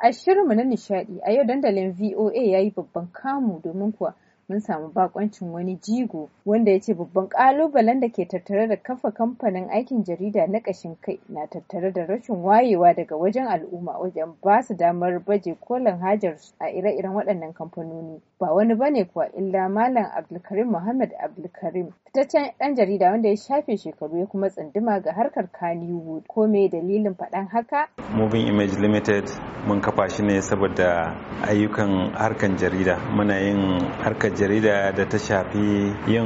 A shirinmu na nishadi a yau dandalin VOA ya yi babban kamu domin kuwa mun samu bakoncin wani jigo wanda ya ce babban kalubalen da ke tattare da kafa kamfanin aikin jarida na ƙashin kai na tattare da rashin wayewa daga wajen al'umma wajen ba su damar baje kolin hajar a ire-iren waɗannan kamfanoni ba wani bane kuwa illa malam abdulkarim muhammad abdulkarim fitaccen ɗan jarida wanda ya shafe shekaru ya kuma tsunduma ga harkar Kannywood ko me dalilin faɗan haka? Moving Image Limited mun kafa shi ne saboda ayyukan harkar jarida muna yin harkar jarida da ta shafi yin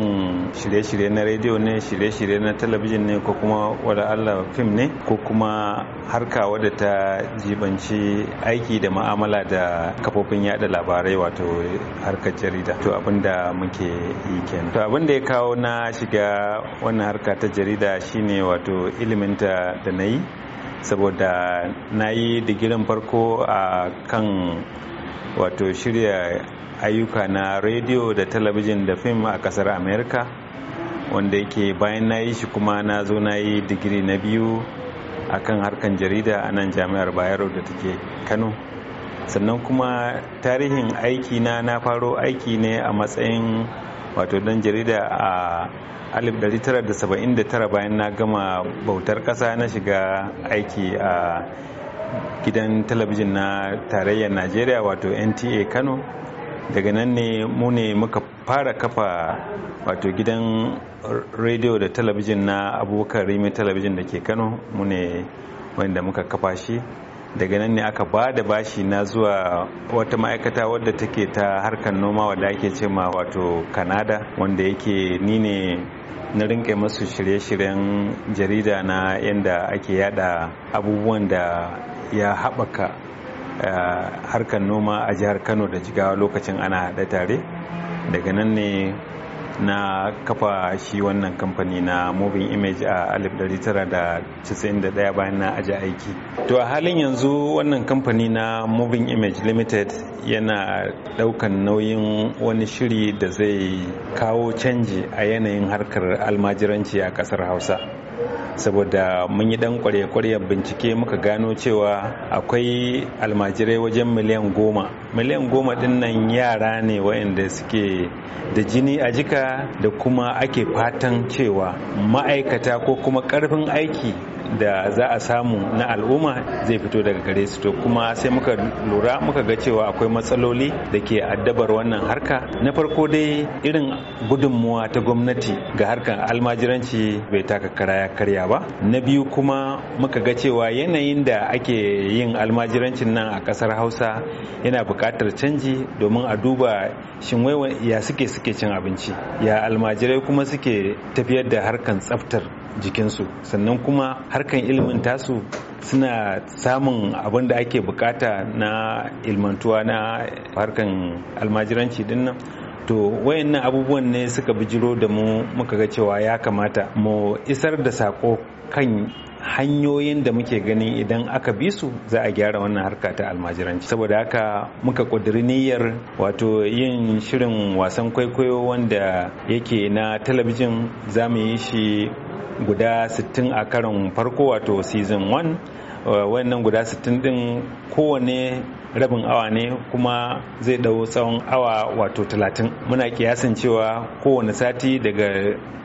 shirye-shirye na rediyo ne shirye-shirye na talabijin ne ko kuma wada Allah fim ne ko kuma harka wadda ta jibanci aiki da ma'amala da kafofin yada labarai wato harkar jarida to abin da muke yi kenan to abin da ya kawo na na shiga wannan harka ta jarida shine wato iliminta da na yi saboda na yi digirin farko a kan wato shirya ayyuka na rediyo da talabijin da fim a kasar america wanda yake bayan na yi shi kuma na zo na yi digiri na biyu a kan harkan jarida a nan jami'ar bayero da take kano sannan kuma tarihin aiki na na faro aiki ne a matsayin wato dan jarida a 1979 bayan na gama bautar ƙasa na shiga aiki a gidan talabijin na tarayyar najeriya wato nta kano daga nan ne mu ne muka fara kafa wato gidan rediyo da talabijin na abubakar rimi talabijin da ke kano mu ne wanda muka kafa shi daga nan ne aka ba da bashi na zuwa wata ma'aikata wadda take ta harkar noma wadda ake ce ma wato kanada wanda yake ni ne na rinke masu shirye-shiryen jarida na yadda ake yada abubuwan da ya haɓaka eh, harkar noma a jihar kano da jigawa lokacin ana haɗa tare daga nan ne na kafa shi wannan kamfani na moving image a 1991 bayan na aji aiki to a halin yanzu wannan kamfani na moving image limited yana daukan nauyin wani shiri da zai kawo canji a yanayin harkar almajiranci a kasar hausa saboda mun yi dan kware-kware bincike muka gano cewa akwai almajirai wajen miliyan goma miliyan goma din nan yara ne waɗanda suke da jini a jika da kuma ake fatan cewa ma'aikata ko kuma karfin aiki da za a samu na al'umma zai fito daga gare su to kuma sai muka lura muka ga cewa akwai matsaloli da ke addabar wannan harka na farko dai irin gudunmuwa ta gwamnati ga harkar almajiranci bai taka karaya karya ba na biyu kuma muka ga cewa yanayin da ake yin almajirancin nan a kasar hausa yana buƙatar canji domin a duba shin ya suke suke cin abinci ya almajirai kuma suke tafiyar da harkar tsaftar jikinsu sannan kuma harkan ilimin tasu suna samun abin da ake bukata na ilmantuwa na harkan almajiranci dinnan to wayannan abubuwan ne suka bijiro da mu muka ga cewa ya kamata mu isar da sako kan hanyoyin da muke ganin idan aka bi su za a gyara wannan harka ta almajiranci saboda haka muka ƙudiri niyyar wato yin shirin wasan kwaikwayo wanda yake na talabijin za mu yi shi guda 60 a karin farko wato season 1 uh, wannan guda 60 din kowane rabin awa ne kuma zai dau tsawon awa wato 30 muna kiyasin cewa kowane sati daga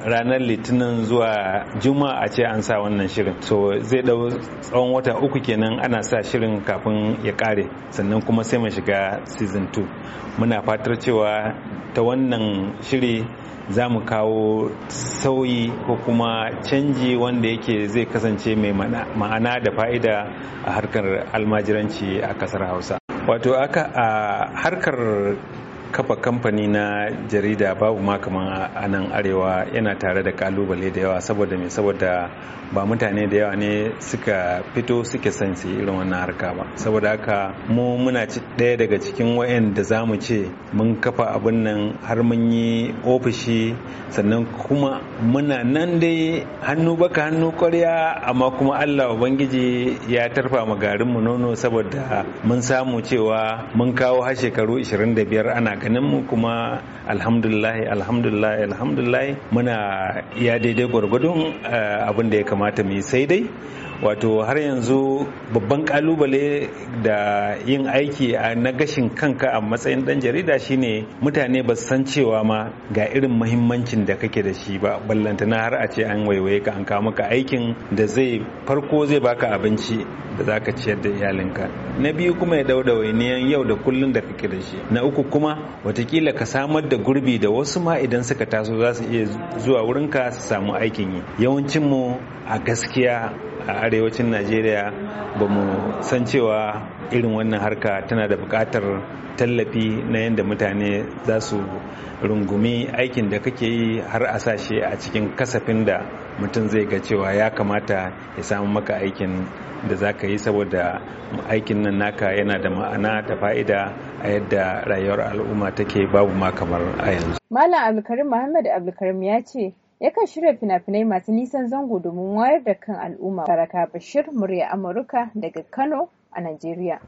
ranar litinin zuwa Juma a ce an sa wannan shirin so zai dau tsawon wata uku kenan ana sa shirin kafin ya kare sannan kuma sai mu shiga season 2 muna fatar cewa ta wannan shiri za mu kawo sauyi ko kuma canji wanda yake zai kasance mai ma'ana da fa'ida a harkar almajiranci a kasar hausa wato a harkar kafa kamfani na jarida babu ma kaman a nan arewa yana tare da kalubale da yawa saboda me saboda ba mutane da yawa ne suka fito suke san su irin wannan harka ba saboda haka mu muna ci ɗaya daga cikin da za mu ce mun kafa abin nan har mun yi ofishi sannan kuma muna nan dai hannu baka hannu kwarya amma kuma allah ubangiji ya tarfa mu garin mu nono saboda mun samu cewa mun kawo har shekaru 25 ana mu kuma alhamdulillah alhamdulillah alhamdulillah muna ya daidai gwargwadon eh, abin da ya kamata mu yi sai dai wato har yanzu babban kalubale da yin aiki na gashin kanka a matsayin dan jarida shine mutane ba san cewa ma ga irin mahimmancin da kake da shi ba ballantana har a ce an waiwaye ka an kawo maka aikin da zai farko zai baka abinci da zaka ciyar da iyalinka na biyu kuma ya dauda wainiyan yau da kullun da kake da shi na uku kuma watakila ka samar da gurbi da wasu ma idan suka taso za su iya zuwa wurinka su samu aikin yi yawancin mu a gaskiya a arewacin najeriya ba mu san cewa irin wannan harka tana da bukatar tallafi na yadda mutane za su rungumi aikin da kake yi har a sashe a cikin kasafin da mutum zai ga cewa ya kamata ya samu maka aikin da za ka yi saboda aikin nan naka yana da ma'ana da fa'ida a yadda rayuwar al'umma take babu ma kamar a yanzu. Malam Abdulkarim Muhammad Abdulkarim ya ce yakan shirya fina-finai masu nisan zango domin wayar da kan al'umma. Baraka Bashir, murya Amurka daga Kano a Najeriya.